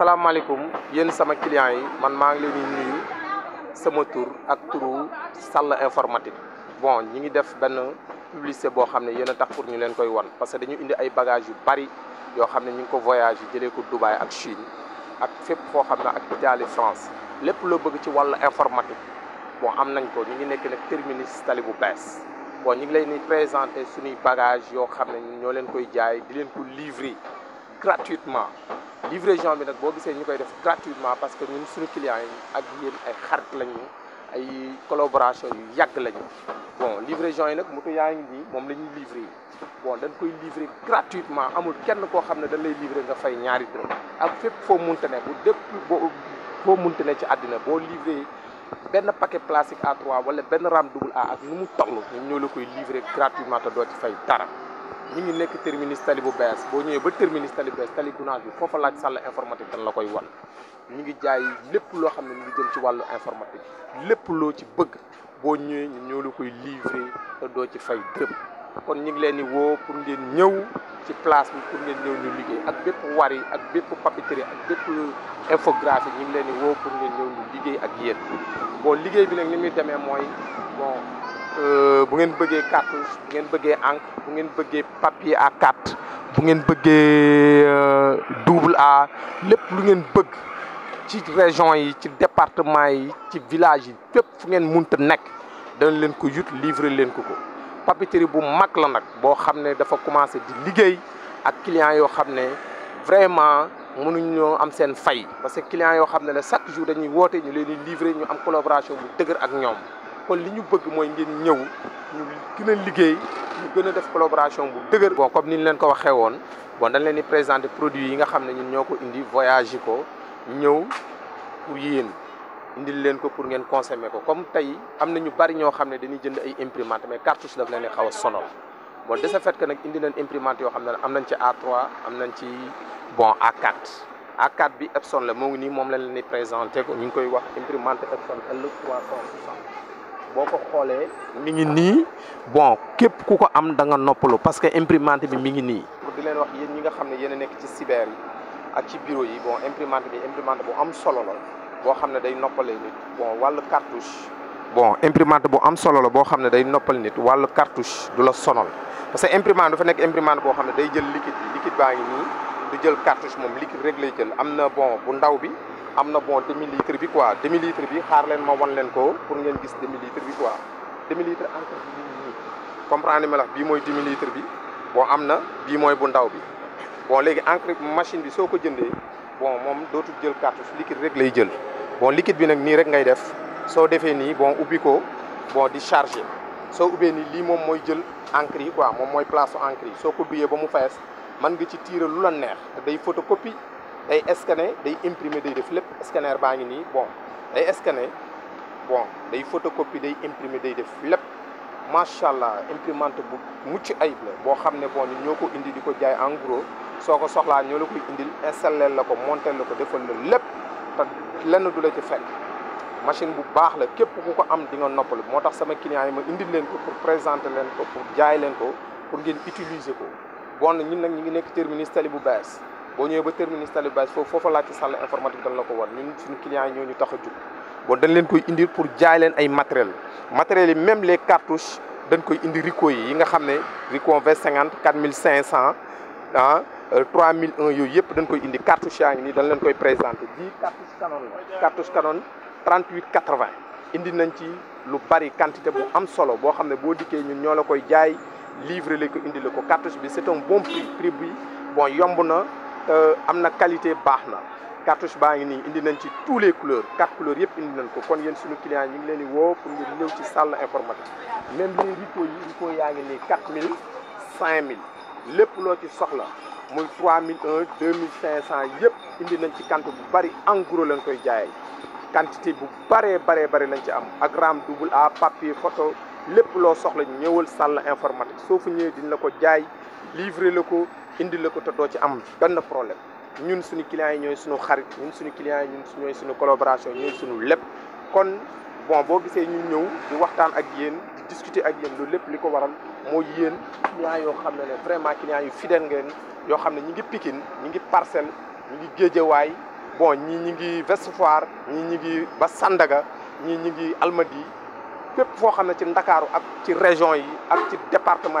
salaamaaleykum yeen sama client yi man maa ngi leen nuyu sama tour ak turu salle informatique bon ñi ngi def ben publicité bo xamné ne tax pour ñu leen koy won parce que dañu indi ay bagages yu bari yo xamné ñu ngi ko voyage yi ko Dubaï ak Chine ak fep fo xam ak Italie France lepp lo bëgg ci wàllu informatique bon am nañ ko ñi ngi nekk nak terminus tali bu bon ñi ngi lay ni présenter suñu bagages yo xamné ne ñoo leen koy jaay di leen ko livrer gratuitement livraison bi nak bo gisee ñu def gratuitement parce que ñun suñu client ak yéen ay xart lañu ay collaboration yu yag lañu bon livraison yi nak mutu yaa ngi mom lañu livrer bon dañ koy livrer gratuitement amul kenn ko xam dañ lay livrer nga fay ñaari dërëm ak fepp fo munte ne bu dépp bo foo munte ne ci adina bo livrer ben paquet plastique A3 wala ben ram double A ak nu mu toll ñun ñoo la koy livrer gratuitement ta do ci fay dara ñi ngi nekk terminus tali bu bees boo ñëwee ba terminus tali bu bees tali gunaas bi foofa laaj salle informatique dañ la koy wan ñi ngi jaay lépp loo xam ne ñu ngi jëm ci wàllu informatique lépp loo ci bëgg boo ñëwee ñun ñoo la koy livrer te doo ci fay dërëm kon ñu ngi leen di woo pour ngeen ñëw ci place bi pour ngeen ñëw ñu liggéey ak bépp wari ak bépp papeterie ak bépp infographie ñu ngi leen di woo pour ngeen ñëw ñu liggéey ak yéen bon liggéey bi nag ni muy demee mooy bon euh, bu ngeen bëggee carte bu ngeen bëggee encre bu ngeen bëggee papier A4 bu ngeen bëggee euh, double A lépp lu ngeen bëgg ci région yi ci département yi ci village yi fépp fu ngeen munta nekk dañ leen ko yut livrer leen ko ko papeterie bu mag la nag boo xam ne dafa commencé di liggéey ak client yoo xam ne vraiment mënuñ ñoo am seen fay parce que client yoo xam ne la chaque jour dañuy woote ñu leen di livrer ñu am collaboration bu dëgër ak ñoom kon li ñu bëgg mooy ngeen ñëw ñu gën a liggéey ñu gën a def collaboration bu dëgër. bon comme ni leen ko waxee woon bon dañ leen di présenter produit yi nga xam ne ñun ñoo ko indi voyage ko ñëw pour yéen indil leen ko pour ngeen consommer ko comme tey am na ñu bari ñoo xam ne dañuy jënd ay imprimante mais cartouche daf leen di xaw a sonal bon de ce fait que nag indi leen imprimante yoo xam ne am nañ ci A3 am nañ ci bon A4. A4 bi Epson la moo ngi nii moom la leen di présenté ko ñu ngi koy wax imprimante Epson L360 boo ko xoolee mi ngi nii bon képp ku ko am da nga noppalu parce que imprimante bi mi ngi nii. pour di leen wax yéen ñi nga xam ne yéen nekk ci cyber yi ak ci bureau yi bon imprimante bi imprimante bu am solo la boo xam ne day noppalee nit bon wàllu cartouche. bon imprimante bu am solo la boo xam ne day noppal nit wàllu cartouche du la sonal parce que imprimante dafa nekk imprimante boo xam ne day jël liquide bi liquide baa ngi nii du jël cartouche moom liquide rek lay jël am na bon bu ndaw bi. Amna bon demi litre bi quoi demi litre bi xaar len ma won len ko pour ngeen gis demi litre bi quoi demi litre encore comprendre ma la bi demi litre bi bon amna bi moy bu ndaw bi bon encre machine bi soko ko bon mom dootul jël cartouche liquide rek lay jël bon liquide bi nak ni rek ngay bon bon di chargé so ubé ni li mom jël encre quoi mom moy place encre soko ba mu ci photocopie day scanner day imprimer des def lepp scanner bañu ni bon day scanner bon day photocopie day imprimer day def lepp machallah imprimante bu mucc ayib la bo xamné bon en gros soko soxla koy indil defal ci machine bu la ku ko am di nga sama client yi ma leen ko pour présenter leen ko pour jaay leen ko pour ngeen utiliser ko bon ñun nak ñi ngi bon ñëwee ba terminus Talib Baye foofu foofa laajte salle informatique dañ la ko war ñun suñu clients yi ñoo ñu tax a jug bon dañ leen koy indi pour jaay leen ay matériel matériel yi même les cartouches dañ koy indi Ricoh yi yi nga xam ne Ricoh vingt cinquante quatre mille cinq cent ah euh, trois mille un yooyu yëpp dañ koy indi cartouche yaa ni nii dañ leen koy présenté bii cartouche Canon la cartouche Canon trente huit indi nañ ci lu bari quantité bu am solo boo xam ne boo dikkee ñun ñoo la koy jaay livrer la ko indi le ko cartouche bi c'est un bon prix prix bon yomb na. Euh, amna qualité baxna na cartouche baangi ni indi nañ ci tous les couleurs quatre couleurs yep indi nañ ko kon yeen suñu client yi ngi leen di pour ngeen ñew ci salle informatique même les rico yi rico ngi nii quatre mille cinq mille lépp loo ci soxla muy trois mille un deux mille cinq indi nañ ci quantité bu bari en gros lañ koy jaay quantité bu bare bare bare lañ ci am ak ram double A papier photo lepp lo soxla ñëwal salle informatique soo fu ñëwee diñ la ko jaay livrer le ko indi le ko qui ci am qui problème ñun suñu clients yi des suñu xarit ñun suñu gens yi ñun ñoy suñu collaboration ñoy suñu bon di waxtaan ak discuter ak waral vraiment yu fidèles ngeen yo qui ñi ngi Pikine ñi ngi Parcelles ñi ngi des bon qui ñi ngi gens qui ñi ngi ba Sandaga ñi ñi ngi fépp gens qui ci gens ak ci région yi ak ci département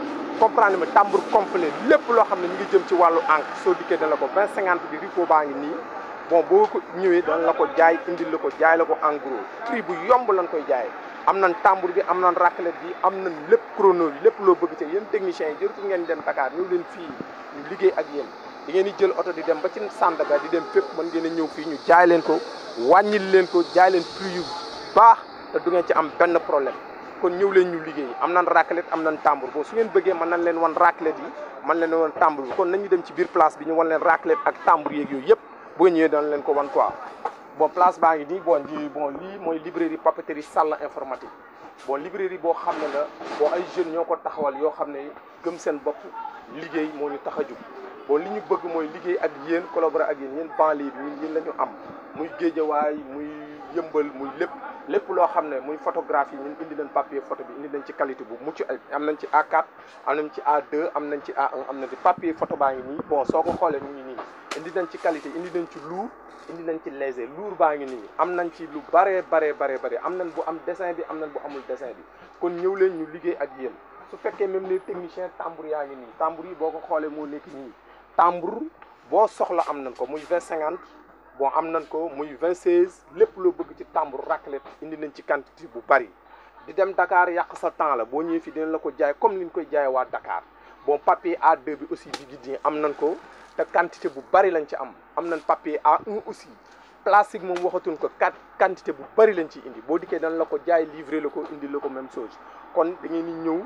comprendre ma tambour complet lépp loo xam ne ñu ngi jëm ci wàllu encre soo dikkee dana la ko vingt cinquante bi Rico baa ngi nii bon boo ko ñëwee dana la ko jaay indil la ko jaay la ko en gros prix bu yomb lañ koy jaay am na tambour bi am nañ raclette bi am nañ lépp chrono bi lépp loo bëgg ci yéen techniciens yi jërutul ngeen dem Dakar ñëw leen fii ñu liggéey ak yéen di ngeen di jël oto di dem ba ci Sandaga di dem fépp mën geen a ñëw fii ñu jaay leen ko wàññil leen ko jaay leen prix yu baax te du ngeen ci am benn problème kon ñew leen ñu liggéey am nañ raclette am nañ tambour bon su ngeen bëggee man nañ leen wan raclette yi man leen wan tambour bi kon nañu dem ci biir place bi ñu wan leen raclette ak tambour yeeg yooyu yëpp boo ñëwee dañ leen ko wan quoi bon place baa ngi nii bon ji bon lii mooy librairie papeterie salle informatique bon librairie boo xam ne la boo ay jeunes ñoo ko taxawal yoo xam ne gëm seen bopp liggéey moo ñu tax a jub bon li ñu bëgg mooy liggéey ak yéen collaborer ak yéen yéen banlieue bi ñun yéen la ñu am muy géejawaay muy yëmbal muy lépp lépp loo xam ne muy photographie ñun indi nañ papier photo bi indi nañ ci qualité bu mucc ay am nañ ci A4 am nañ ci a am nañ ci A1 am nañ ci papier photo baa ngi nii bon soo xoolee ñu indi nañ ci qualité indi nañ ci lourd indi nañ ci léger lourd baa ngi nii am nañ ci lu bare bare bare bare am nañ bu am dessin bi am nañ bu amul dessin bi kon ñëw leen ñu liggéey ak yéen su fekkee même les techniciens tambour yaa ngi nii tambour yi boo ko xoolee moo nekk nii timbre boo soxla am nañ ko muy vingt cinquante bon am nañ ko muy vingt seize lép loo bëgg ci timbre raclette indi nañ ci quantité bu bari di dem Dakar yàq sa temps la boo ñëwee fi dinañ la ko jaay comme ni ñu koy jaay waa Dakar bon papier A2 bi aussi bi gis am nañ ko te quantité bu bari lañ ci am am nañ papier A1 aussi plastique moom waxatuñ ko kat quantité bu bari lañ ci indi boo dikkee dana la ko jaay livré la ko indi la ko même chose kon da ngeen di ñëw.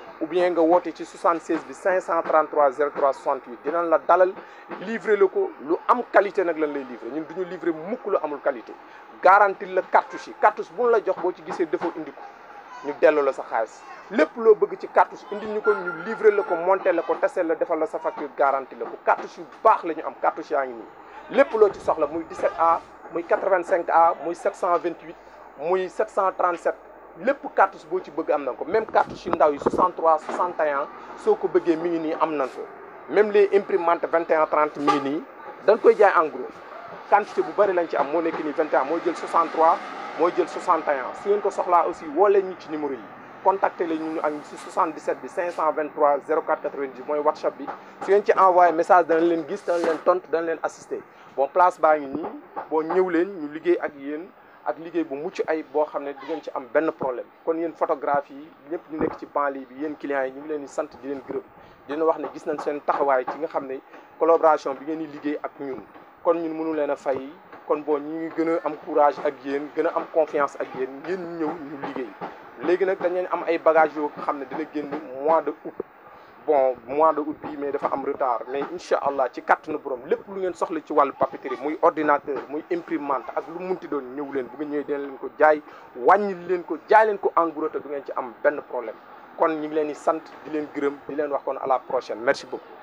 ou bien nga woote ci 76 bi 533 03 68 dinañ la dalal livrer le ko lu am qualité nak lañ lay livrer ñun duñu livrer mukk lu amul qualité Garantie le cartouche yi cartouche buñ la jox bo ci gisee defo indi ko ñu delloo la sa xaalis lepp lo bëgg ci cartouche indi ñu ñu livrer la ko monter le ko tasser la defal la sa facture garanti le ko cartouche baax lañu am cartouche yaa ngi nii lépp ci soxla muy 17A muy 85A muy 728 muy 737 lépp cartouche boo ci bëgg am na ko même cartouche yu ndaw yi 63 61 soo ko bëggee mi ngi nii am na ko même les imprimantes 21 30 mi ngi nii dañ koy jaay en gros quantité bu bari lañ ci am moo nekk nii 21 mooy jël 63 mooy jël 61 si ngeen ko soxla aussi woo leen ñu ci numéro yi contacter la ñu ak si 77 bi 523 04 90 mooy whatsapp bi su ngeen ci envoyé message dana leen gis dana leen tontu dana leen assister bon place baa ngi nii boo ñëw leen ñu liggéey ak yéen. ak liggéey bu mucc ay boo xam ne di ngeen ci am benn problème kon yéen photographe yi ñëpp ñu nekk ci banlieue bi yéen clients yi ñu ngi leen sant di leen gërëm di wax ne gis nañ seen taxawaay ci nga xam ne collaboration bi ngeen di liggéey ak ñun kon ñun mënu leen a fay kon boo ñu ngi gën a am courage ak yéen gën a am confiance ak yéen ngeen ñëw ñu liggéey léegi nag dañ am ay bagages yoo xam ne dina génn mois de août bon mois de août bii mais dafa am retard mais incha allah ci kàttanu borom lépp lu ngeen soxla ci wàllu papeterie muy ordinateur muy imprimante ak lu munti doon ñëw leen bu ngeen ñëwee dina leen ko jaay wàññil leen ko jaay ko en gros te du ci am benn problème kon ñu ngi leen di sant di leen gërëm di leen wax kon à la prochaine merci beaucoup.